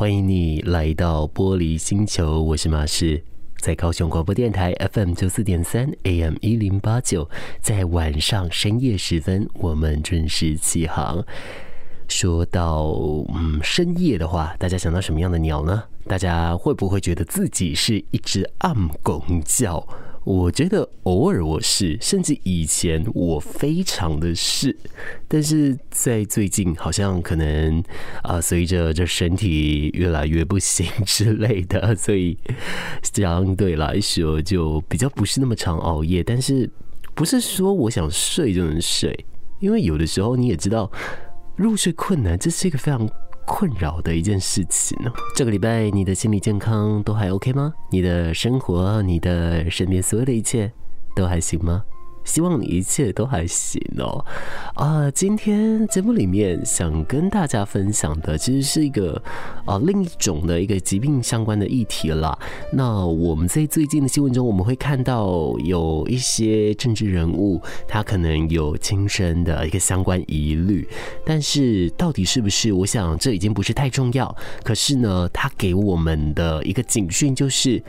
歡迎你來到玻璃星球，我是馬世，在高雄廣播電台 FM 九四點三 AM 一零八九。在晚上深夜時分，我們準時起航。說到嗯深夜的話，大家想到什麼樣的鳥呢？大家會不會覺得自己是一只暗光鳥？我覺得偶爾我是，甚至以前我非常的是，但是在最近好像可能啊，呃、隨着這身體越來越不行之類的，所以相對來說就比較不是那麼常熬夜。但是不是說我想睡就能睡，因為有的時候你也知道入睡困難，這是一個非常，困擾的一件事情呢？這個禮拜你的心理健康都還 OK 嗎？你的生活、你的身邊所有的一切都還行嗎？希望你一切都還行哦。啊、呃，今天節目裡面想跟大家分享的，其實是一個啊、呃、另一種的一個疾病相關的議題了。那我們在最近的新聞中，我們會看到有一些政治人物他可能有輕生的一個相關疑慮，但是到底是不是，我想這已經不是太重要。可是呢，他給我們的一個警訊就是。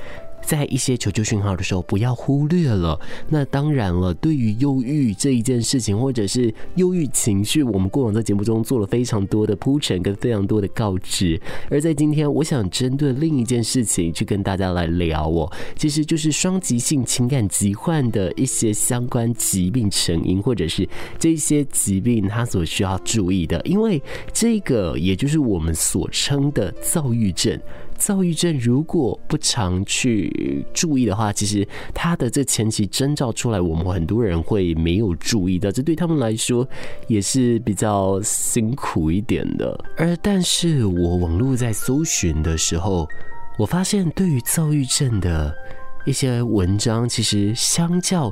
在一些求救訊號的時候，不要忽略了。那當然了，對於憂鬱這一件事情，或者是憂鬱情緒，我們過往在節目中做了非常多的鋪陳跟非常多的告知。而在今天，我想針對另一件事情去跟大家來聊哦，其實就是雙極性情感疾患的一些相關疾病成因，或者是這些疾病它所需要注意的，因為這個也就是我們所稱的躁鬱症。躁鬱症如果不常去注意的話，其實它的這前期徵兆出來，我們很多人會沒有注意到，這對他們來說也是比較辛苦一點的。而但是我網絡在搜尋的時候，我發現對於躁鬱症的一些文章，其實相較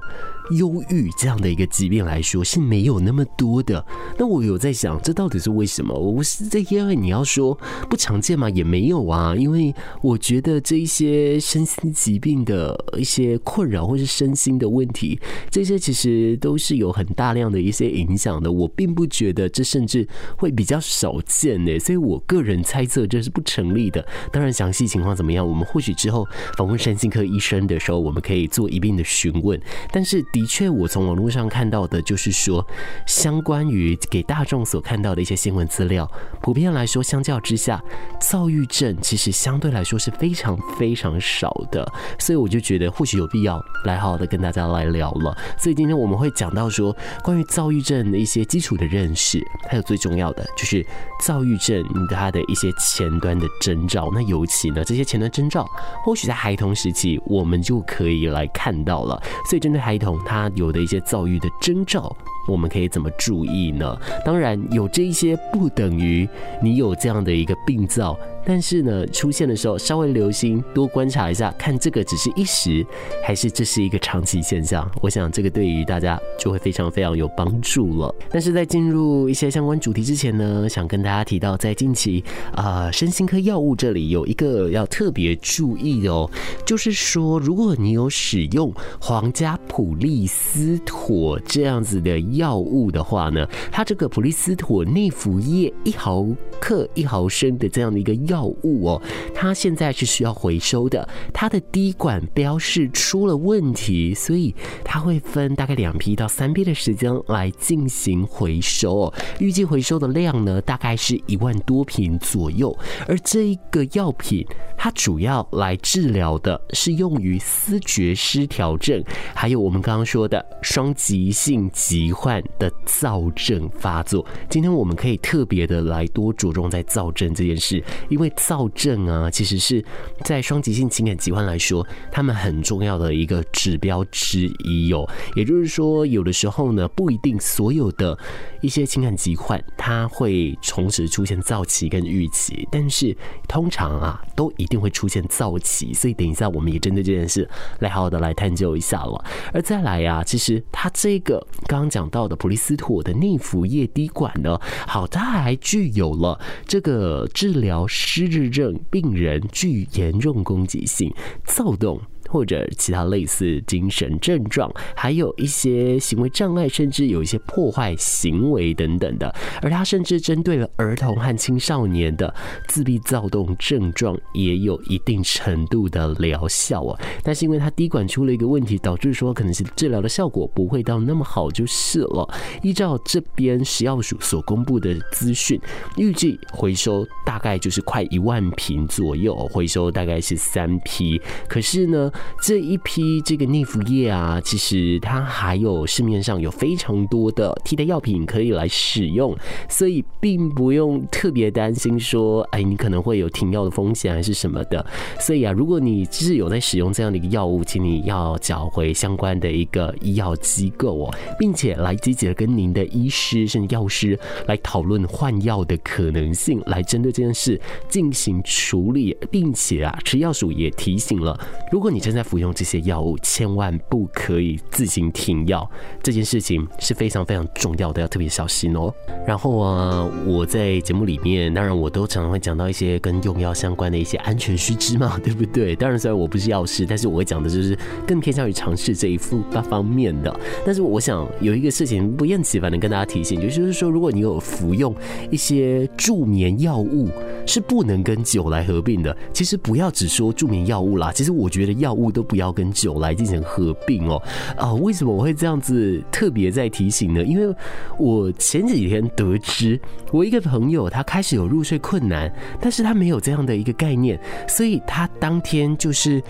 憂鬱這樣的一個疾病來說是沒有那麼多的。那我有在想，這到底是為什麼？我不是在因為你要說不常見嗎？也沒有啊。因為我覺得這一些身心疾病的一些困擾或是身心的問題，這些其實都是有很大量的一些影響的。我並不覺得這甚至會比較少見呢、欸。所以我個人猜測這是不成立的。當然，詳細情況怎麼樣，我們或許之後訪問身心科醫生的時候，我們可以做一定的詢問。但是。的確，我從網絡上看到的就是說，相關於給大眾所看到的一些新聞資料，普遍來說，相較之下，躁鬱症其實相對來說是非常非常少的。所以我就覺得或許有必要來好好的跟大家來聊了。所以今天我們會講到說，關於躁鬱症的一些基礎的認識，還有最重要的就是躁鬱症它的一些前端的徵兆。那尤其呢，這些前端徵兆，或許在孩童時期我們就可以來看到了。所以針對孩童。他有的一些躁鬱的徵兆。我們可以怎麼注意呢？當然有這一些不等於你有這樣的一個病灶，但是呢，出現的時候稍微留心，多觀察一下，看這個只是一時，還是這是一個長期現象。我想這個對於大家就會非常非常有幫助了。但是在進入一些相關主題之前呢，想跟大家提到，在近期啊、呃，身心科藥物這裡有一個要特別注意的哦，就是說，如果你有使用皇家普利斯妥這樣子的。藥物的話呢，它這個普利斯妥內服液一毫克一毫升的這樣的一個藥物哦，它現在是需要回收的，它的滴管標示出了問題，所以它會分大概兩批到三批的時間來進行回收哦，預計回收的量呢，大概是一萬多瓶左右。而這一個藥品，它主要來治療的是用於思覺失調症，還有我們剛剛說的雙極性疾，的躁症發作，今天我們可以特別的來多着重在躁症這件事，因為躁症啊，其實是在雙極性情感疾患來說，他們很重要的一個指標之一喲、喔。也就是說，有的時候呢，不一定所有的一些情感疾患，它會同時出現躁期跟鬱期，但是通常啊，都一定會出現躁期。所以，等一下我們也針對這件事來好好的來探究一下了。而再來呀、啊，其實他這個剛剛講到。到的普利司妥的內服液滴管呢？好，它還具有了這個治療失智症病人具嚴重攻擊性躁動。或者其他類似精神症狀，還有一些行為障礙，甚至有一些破壞行為等等的。而它甚至針對了兒童和青少年的自閉躁動症狀，也有一定程度的療效啊。但是因為它滴管出了一個問題，導致說可能是治療的效果不會到那麼好就是了。依照這邊食藥署所公布的資訊，預計回收大概就是快一萬瓶左右，回收大概是三批。可是呢？這一批這個內服液啊，其實它還有市面上有非常多的替代藥品可以來使用，所以並不用特別擔心說，哎，你可能會有停藥的風險還是什麼的。所以啊，如果你是有在使用這樣的一個藥物，請你要繳回相關的一個醫藥機構哦，並且來積極的跟您的醫師甚至藥師來討論換藥的可能性，來針對這件事進行處理，並且啊，食藥署也提醒了，如果你現在服用這些藥物，千萬不可以自行停藥，這件事情是非常非常重要的，要特別小心哦。然後啊，我在節目裡面，當然我都常常會講到一些跟用藥相關的一些安全須知嘛，對不對？當然，雖然我不是藥師，但是我會講的就是更偏向於常識這一副方面的。但是我想有一個事情不厭其煩的跟大家提醒，就是說，如果你有服用一些助眠藥物，是不能跟酒來合併的。其實不要只說助眠藥物啦，其實我覺得藥。物都不要跟酒來進行合併哦喔，啊，為什麼我會這樣子特別在提醒呢？因為我前幾天得知我一個朋友他開始有入睡困難，但是他沒有這樣的一個概念，所以他當天就是。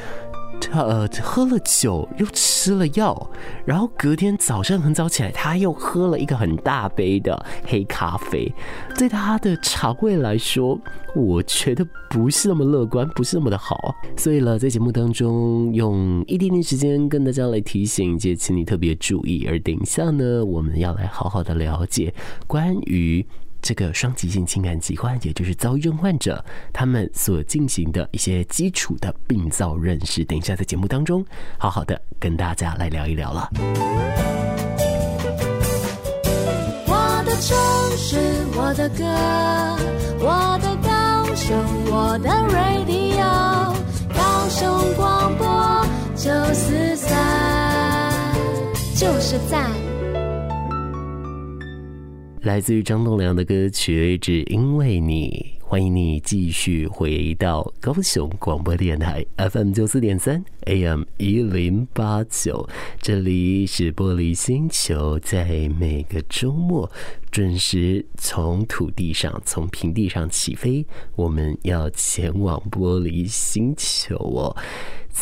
他、呃、喝了酒，又吃了藥，然後隔天早上很早起來，他又喝了一個很大杯的黑咖啡。對他的腸胃來說，我覺得不是那麼樂觀，不是那麼的好。所以呢，在節目當中用一點點時間跟大家來提醒，也請你特別注意。而等一下呢，我們要來好好的了解關於。這個雙極性情感疾患，也就是躁鬱症患者，他們所進行的一些基礎的病灶認識，等一下在節目當中好好的跟大家來聊一聊了。我的城市，我的歌，我的高雄，我的 Radio 高雄廣播九四三，就是讚。來自於張棟樑的歌曲《只因為你》，歡迎你繼續回到高雄廣播電台 FM 九四點三 AM 一零八九，這裡是玻璃星球，在每個週末準時從土地上、從平地上起飛，我們要前往玻璃星球哦。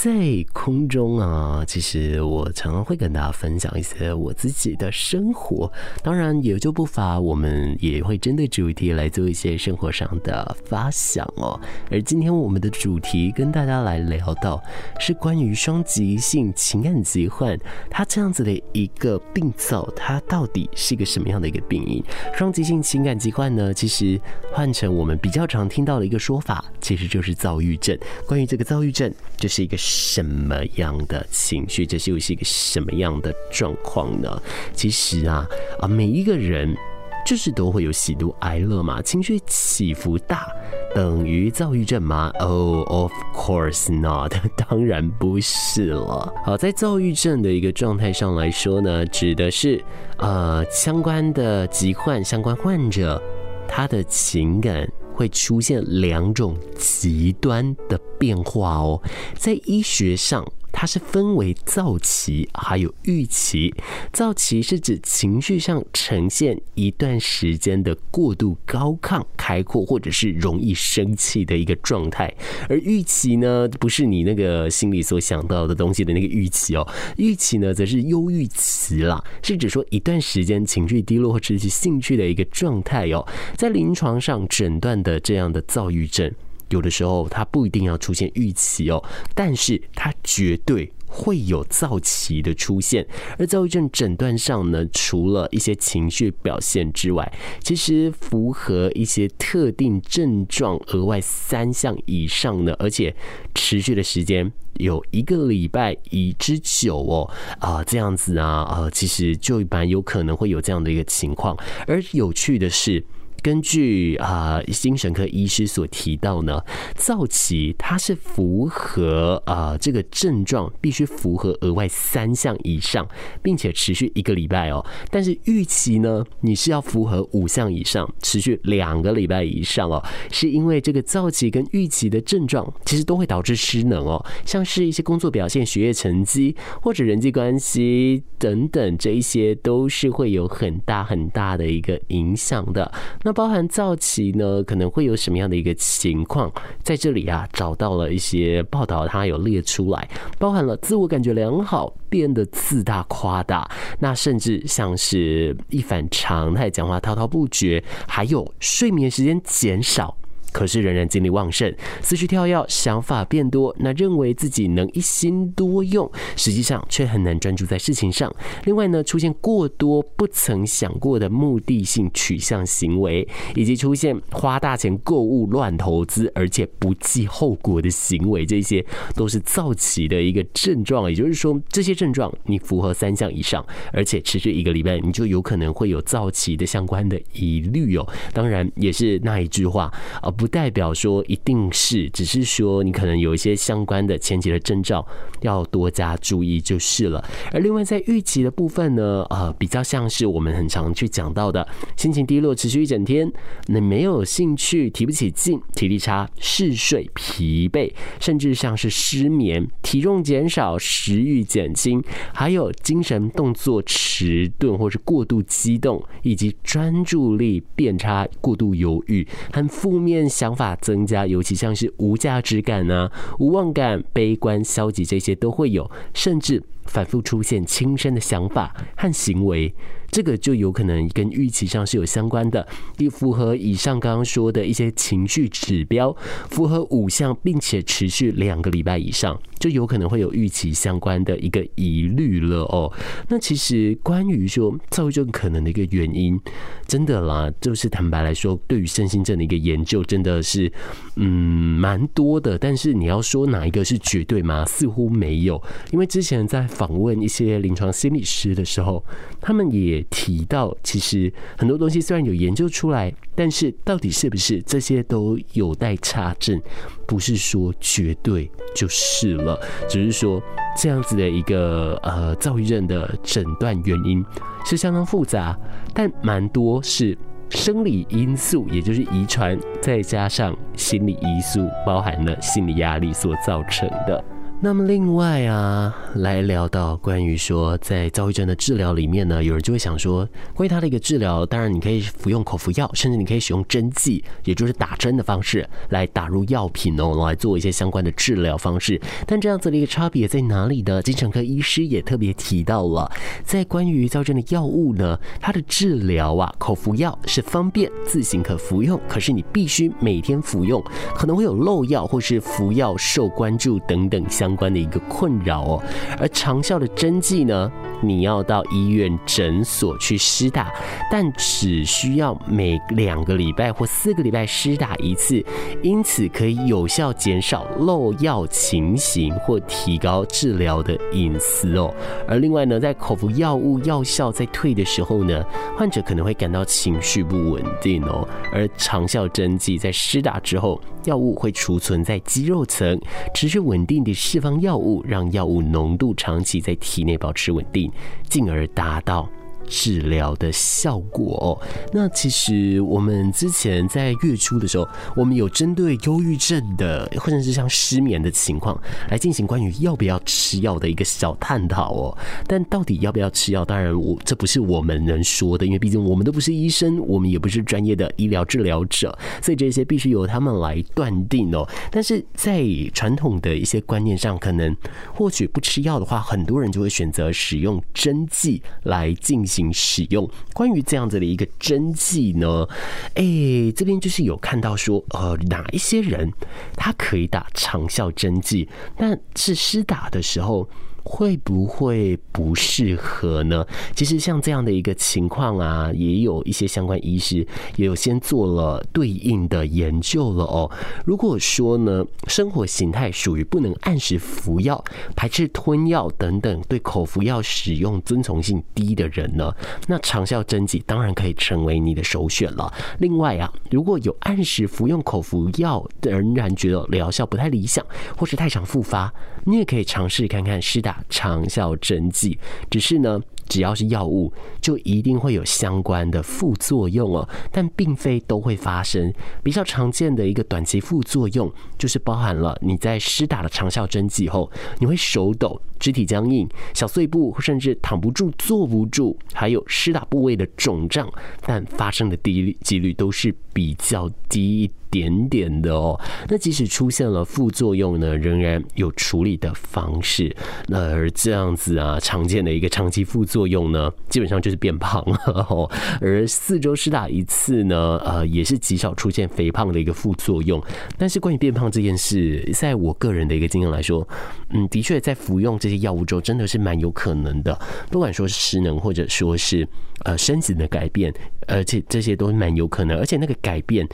在空中啊，其實我常常會跟大家分享一些我自己的生活，當然也就不乏我們也會針對主題來做一些生活上的發想哦。而今天我們的主題跟大家來聊到是關於雙極性情感疾患，它這樣子的一個病灶，它到底是一個什麼樣的一個病因？雙極性情感疾患呢，其實換成我們比較常聽到的一個說法，其實就是躁鬱症。關於這個躁鬱症，這是一個。什麼樣的情緒？這是又是一個什麼樣的狀況呢？其實啊啊，每一個人就是都會有喜怒哀樂嘛，情緒起伏大等於躁鬱症嗎？Oh, of course not，當然不是了。好，在躁鬱症的一個狀態上來說呢，指的是呃相關的疾患，相關患者他的情感，會出現兩種極端的變化哦，在醫學上。它是分為躁期，還有鬱期。躁期是指情緒上呈現一段時間的過度高亢、開闊，或者是容易生氣的一個狀態；而鬱期呢，不是你那個心裡所想到的東西的那個鬱期哦，鬱期呢，則是憂鬱期啦，是指說一段時間情緒低落或者是興趣的一個狀態哦，在臨床上診斷的這樣的躁鬱症。有的時候，它不一定要出現鬱期哦，但是它絕對會有躁期的出現。而躁鬱症診斷上呢，除了一些情緒表現之外，其實符合一些特定症狀，額外三項以上的，而且持續的時間有一個禮拜以之久哦。啊、呃，這樣子啊，呃，其實就一般有可能會有這樣的一個情況。而有趣的是。根據啊、呃，精神科醫師所提到呢，躁期它是符合啊、呃、這個症狀必須符合額外三項以上，並且持續一個禮拜哦。但是鬱期呢，你是要符合五項以上，持續兩個禮拜以上哦。是因為這個躁期跟鬱期的症狀，其實都會導致失能哦，像是一些工作表現、學業成績或者人際關係等等，這一些都是會有很大很大的一個影響的。那包含早期呢，可能會有什麼樣的一個情況，在這裡啊找到了一些報道，它有列出來，包含了自我感覺良好，變得自大誇大，那甚至像是一反常態，講話滔滔不絕，還有睡眠時間減少。可是仍然精力旺盛，思緒跳躍，想法變多，那認為自己能一心多用，實際上卻很難專注在事情上。另外呢，出現過多不曾想過的目的性取向行為，以及出現花大錢購物、亂投資，而且不計後果的行為，這些都是躁期的一個症狀。也就是說，這些症狀你符合三項以上，而且持續一個禮拜，你就有可能會有躁期的相關的疑慮哦。當然也是那一句話啊不。呃不代表說一定是，只是說你可能有一些相關的前期的徵兆，要多加注意就是了。而另外在鬱期的部分呢，呃，比較像是我們很常去講到的心情低落持續一整天，那沒有興趣、提不起勁、體力差、嗜睡、疲憊，甚至像是失眠、體重減少、食慾減輕，還有精神動作遲鈍，或是過度激動，以及專注力變差、過度猶豫、很負面。想法增加，尤其像是無價值感啊、無望感、悲觀、消極，這些都會有，甚至反覆出現輕生的想法和行為。這個就有可能跟鬱期上是有相關的，也符合以上剛剛說的一些情緒指標，符合五項並且持續兩個禮拜以上，就有可能會有鬱期相關的一個疑慮了哦。那其實關於說躁鬱症可能的一個原因，真的啦，就是坦白來說，對於身心症的一個研究真的是嗯蠻多的，但是你要說哪一個是絕對嗎？似乎沒有，因為之前在訪問一些臨床心理師的時候，他們也提到，其實很多東西雖然有研究出來，但是到底是不是這些都有待查證，不是說絕對就是了，只是說這樣子的一個呃躁鬱症的診斷原因是相當複雜，但蠻多是生理因素，也就是遺傳，再加上心理因素，包含了心理壓力所造成的。那麼另外啊，來聊到關於說在躁鬱症的治療裡面呢，有人就會想說，關於他的一個治療，當然你可以服用口服藥，甚至你可以使用針劑，也就是打針的方式，來打入藥品哦，來做一些相關的治療方式。但這樣子的一個差別在哪裡呢？精神科醫師也特別提到了，在關於躁鬱症的藥物呢，它的治療啊，口服藥是方便自行可服用，可是你必須每天服用，可能會有漏藥或是服藥受關注等等相關。關的一個困擾哦，而長效的針劑呢，你要到醫院診所去施打，但只需要每兩個禮拜或四個禮拜施打一次，因此可以有效減少漏藥情形或提高治療的隱私哦。而另外呢，在口服藥物藥效在退的時候呢，患者可能會感到情緒不穩定哦，而長效針劑在施打之後，藥物會儲存在肌肉層，持續穩定的釋放藥物，讓藥物濃度長期在體內保持穩定，進而達到治療的效果哦。那其實我們之前在月初的時候，我們有針對憂鬱症的，或者是像失眠的情況，來進行關於要不要吃藥的一個小探討哦。但到底要不要吃藥，當然我這不是我們能說的，因為畢竟我們都不是醫生，我們也不是專業的醫療治療者，所以這些必須由他們來斷定哦。但是在傳統的一些觀念上，可能或許不吃藥的話，很多人就會選擇使用針劑來進行。使用關於這樣子的一個針劑呢，哎、欸，這邊就是有看到說，呃，哪一些人他可以打長效針劑，但是施打的時候。會不會不適合呢？其實像這樣的一個情況啊，也有一些相關醫師也有先做了對應的研究了哦。如果說呢，生活形態屬於不能按時服藥、排斥吞藥等等，對口服藥使用遵從性低的人呢，那長效針劑當然可以成為你的首選了。另外啊，如果有按時服用口服藥仍然覺得療效不太理想，或是太常復發，你也可以嘗試看看施打。長效針劑，只是呢，只要是藥物，就一定會有相關的副作用哦，但並非都會發生。比較常見的一個短期副作用，就是包含了你在施打的長效針劑後，你會手抖、肢體僵硬、小碎步，甚至躺不住、坐不住，還有施打部位的腫脹。但發生的低幾率都是比較低一點點的哦。那即使出現了副作用呢，仍然有處理的方式。那而這樣子啊，常見的一個長期副作用作用呢，基本上就是變胖呵呵，而四周施打一次呢，呃，也是極少出現肥胖的一個副作用。但是關於變胖這件事，在我個人的一個經驗來說，嗯，的確在服用這些藥物中，真的是蠻有可能的。不管說是失能，或者說是呃身體的改變，而且這些都是蠻有可能，而且那個改變，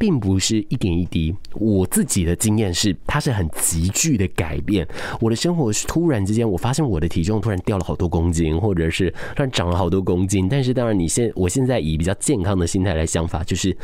並不是一點一滴，我自己的經驗是，它是很急劇的改變我的生活。是突然之間，我發現我的體重突然掉了好多公斤，或者是突然長了好多公斤。但是當然你，你現我現在以比較健康的心態來想法，就是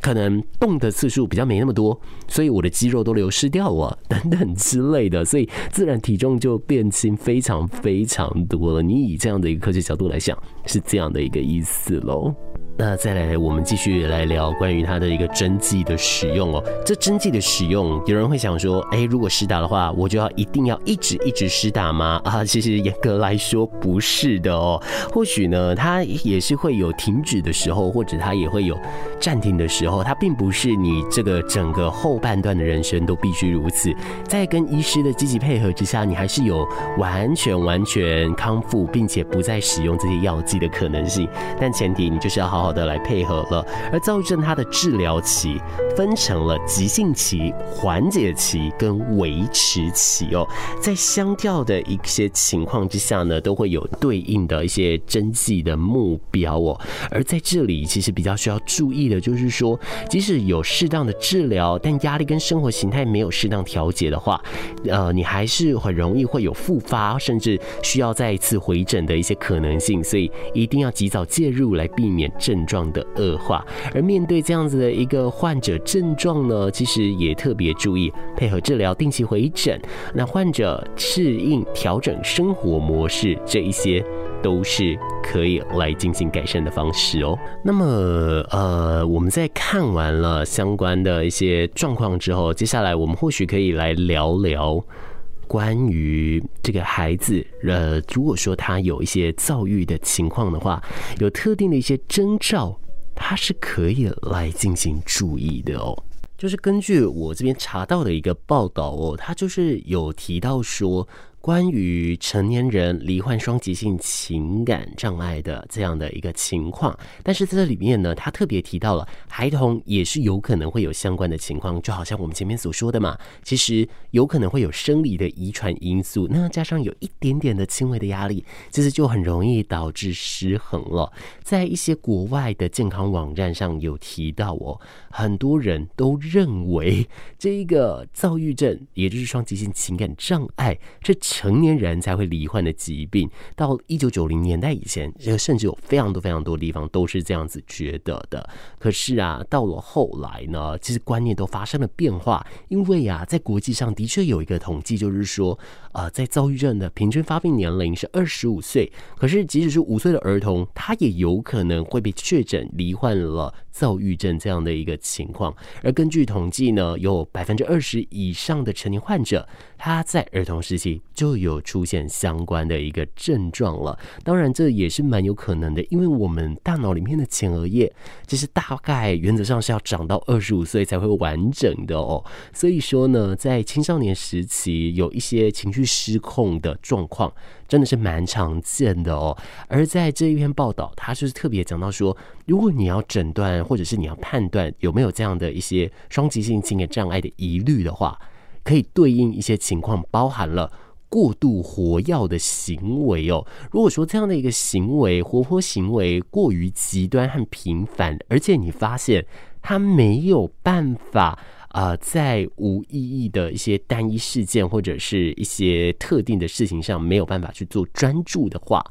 可能動的次數比較沒那麼多，所以我的肌肉都流失掉啊，等等之類的，所以自然體重就變輕非常非常多了。你以這樣的一個科學角度來想，是這樣的一個意思嘍。那再來，我們繼續來聊關於他的一個針劑的使用哦。這針劑的使用，有人會想說，哎，如果施打的話，我就要一定要一直一直施打嗎？啊，其實嚴格來說不是的哦。或許呢，它也是會有停止的時候，或者它也會有暫停的時候。它並不是你這個整個後半段的人生都必須如此。在跟醫師的積極配合之下，你還是有完全完全康復，並且不再使用這些藥劑的可能性。但前提你就是要好好。的來配合了，而躁鬱症它的治療期分成了急性期、緩解期跟維持期哦，在相較的一些情況之下呢，都會有對應的一些針劑的目標哦。而在這裡其實比較需要注意的就是說，即使有適當的治療，但壓力跟生活形態沒有適當調節的話，呃，你還是很容易會有復發，甚至需要再一次回診的一些可能性。所以一定要及早介入來避免症症狀的惡化，而面對這樣子的一個患者症狀呢，其實也特別注意配合治療、定期回診，那患者適應、調整生活模式這一些，都是可以來進行改善的方式哦。那麼，呃，我們在看完了相關的一些狀況之後，接下來我們或許可以來聊聊。關於這個孩子，呃，如果說他有一些躁鬱的情況的話，有特定的一些徵兆，他是可以來進行注意的哦。就是根據我這邊查到的一個報道哦，他就是有提到說。關於成年人罹患雙極性情感障礙的這樣的一個情況，但是在這裡面呢，他特別提到了，孩童，也是有可能會有相關的情況，就好像我們前面所說的嘛，其實有可能會有生理的遺傳因素，那加上有一點點的輕微的壓力，其實就很容易導致失衡了。在一些國外的健康網站上有提到哦，很多人都認為這一個躁鬱症，也就是雙極性情感障礙，這。成年人才會罹患的疾病，到一九九零年代以前，甚至有非常多非常多地方都是這樣子覺得的。可是啊，到了後來呢，其實觀念都發生了變化，因為啊，在國際上的確有一個統計，就是說，呃，在躁鬱症的平均發病年齡是二十五歲，可是即使是五歲的兒童，他也有可能會被確診罹患了躁鬱症這樣的一個情況。而根據統計呢，有百分之二十以上的成年患者。他在兒童時期就有出現相關的一個症狀了，當然這也是蠻有可能的，因為我們大腦裡面的前額葉，其實大概原則上是要長到二十五歲才會完整的哦。所以說呢，在青少年時期有一些情緒失控的狀況，真的是蠻常見的哦。而在這一篇報道，他就是特別講到說，如果你要診斷或者是你要判斷有沒有這樣的一些雙極性情感障礙的疑慮的話。可以對應一些情況，包含了過度活躍的行為哦。如果說這樣的一個行為，活潑行為過於極端和頻繁，而且你發現他沒有辦法啊、呃，在無意義的一些單一事件或者是一些特定的事情上沒有辦法去做專注的話。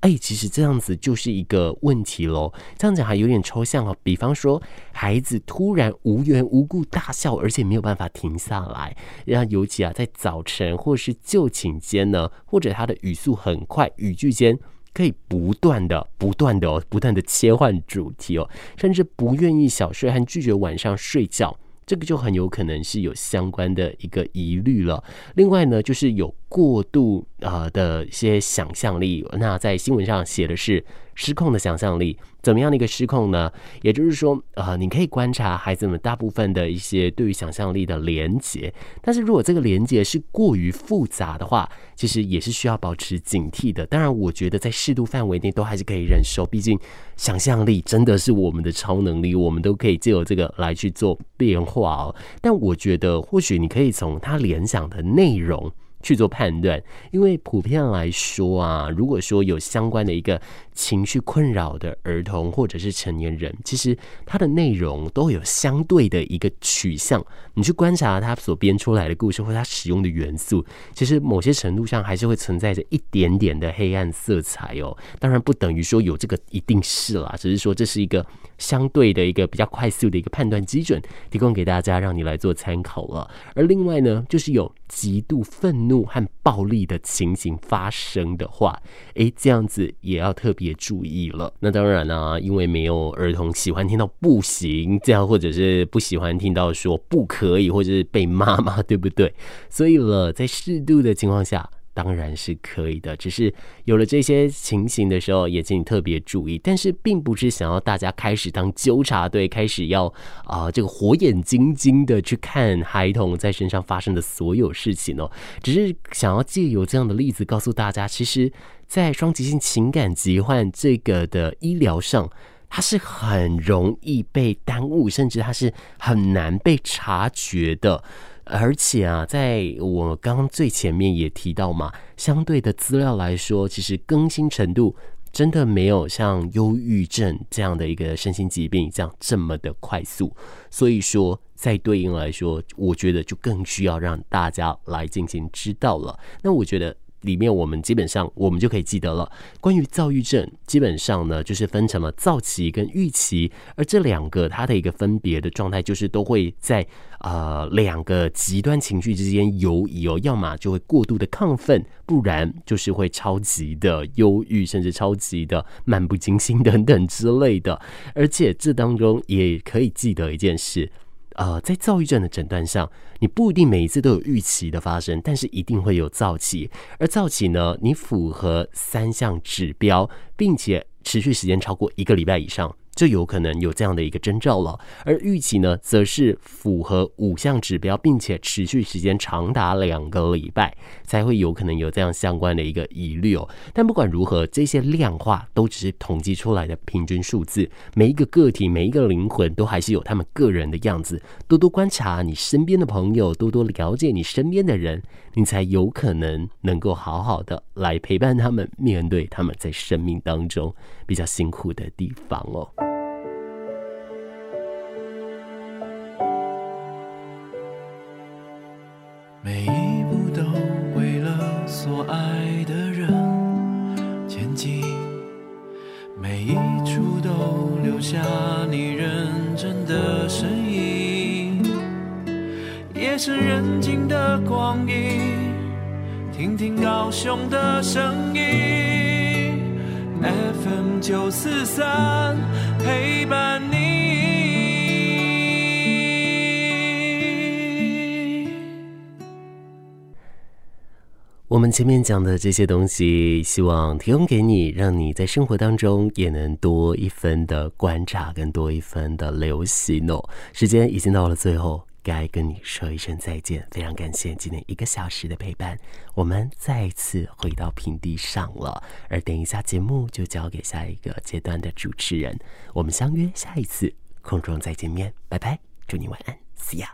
哎、欸，其實這樣子就是一個問題咯。這樣講還有點抽象哦。比方說，孩子突然無緣無故大笑，而且沒有辦法停下來。然後，尤其啊，在早晨或是就寢間呢，或者他的語速很快，語句間可以不斷的、不斷的、哦、不斷的切換主題哦，甚至不願意小睡，還拒絕晚上睡覺。這個就很有可能是有相關的一個疑慮了。另外呢，就是有過度啊，呃，的一些想象力。那在新聞上寫的是失控的想象力。怎麼樣的一個失控呢？也就是說，呃，你可以觀察孩子們大部分的一些對於想象力的連接。但是如果這個連接是過於複雜的話，其實也是需要保持警惕的。當然，我覺得在適度範圍內都還是可以忍受，畢竟想象力真的是我們的超能力，我們都可以借由這個來去做變化哦。但我覺得，或許你可以從他聯想的內容去做判斷，因為普遍來說啊，如果說有相關的一個。情緒困擾的兒童或者是成年人，其實它的內容都有相對的一個取向。你去觀察它所編出來的故事或它使用的元素，其實某些程度上還是會存在着一點點的黑暗色彩哦。當然不等於說有這個一定是啦、啊，只是說這是一個相對的一個比較快速的一個判斷基準，提供給大家讓你來做參考了、啊。而另外呢，就是有極度憤怒和暴力的情形發生的話，誒，這樣子也要特別。別注意了，那當然啦、啊。因為沒有兒童喜歡聽到不行這樣，或者是不喜歡聽到說不可以，或者是被罵嘛，對不對？所以了，在適度的情況下，當然是可以的。只是有了這些情形的時候，也請你特別注意。但是，並不是想要大家開始當糾察隊，開始要啊、呃、這個火眼金睛的去看孩童在身上發生的所有事情哦。只是想要借由這樣的例子告訴大家，其實。在雙極性情感疾患，這個的醫療上，它是很容易被耽誤，甚至它是很難被察覺的。而且啊，在我剛剛最前面也提到嘛，相對的資料來說，其實更新程度真的沒有像憂鬱症這樣的一個身心疾病這樣這麼的快速。所以說，在對應來說，我覺得就更需要讓大家來進行知道了。那我覺得。裡面我們基本上，我們就可以記得了。關於躁鬱症，基本上呢，就是分成了躁期跟鬱期，而這兩個它的一個分別的狀態，就是都會在呃兩個極端情緒之間游移哦，要麼就會過度的亢奮，不然就是會超級的憂鬱，甚至超級的漫不經心等等之類的。而且這當中也可以記得一件事。呃，在躁鬱症的診斷上，你不一定每一次都有鬱期的發生，但是一定會有躁期，而躁期呢，你符合三項指標，並且持續時間超過一個禮拜以上。就有可能有這樣的一個徵兆了，而鬱期呢，則是符合五項指標，並且持續時間長達兩個禮拜，才會有可能有這樣相關的一個疑慮哦。但不管如何，這些量化都只是統計出來的平均數字，每一個個體、每一個靈魂，都還是有他們個人的樣子。多多觀察你身邊的朋友，多多了解你身邊的人，你才有可能能夠好好的來陪伴他們，面對他們在生命當中比較辛苦的地方哦。下你認真的聲音，夜深人靜的光陰，聽聽高雄的聲音，FM 94.3陪伴你。我們前面講的這些東西，希望提供給你，讓你在生活當中也能多一分的觀察，跟多一分的留心哦。時間已經到了最後，該跟你說一聲再見。非常感謝今天一個小時的陪伴，我們再一次回到平地上了。而等一下節目就交給下一個階段的主持人，我們相約下一次空中再見面，拜拜，祝你晚安，See you。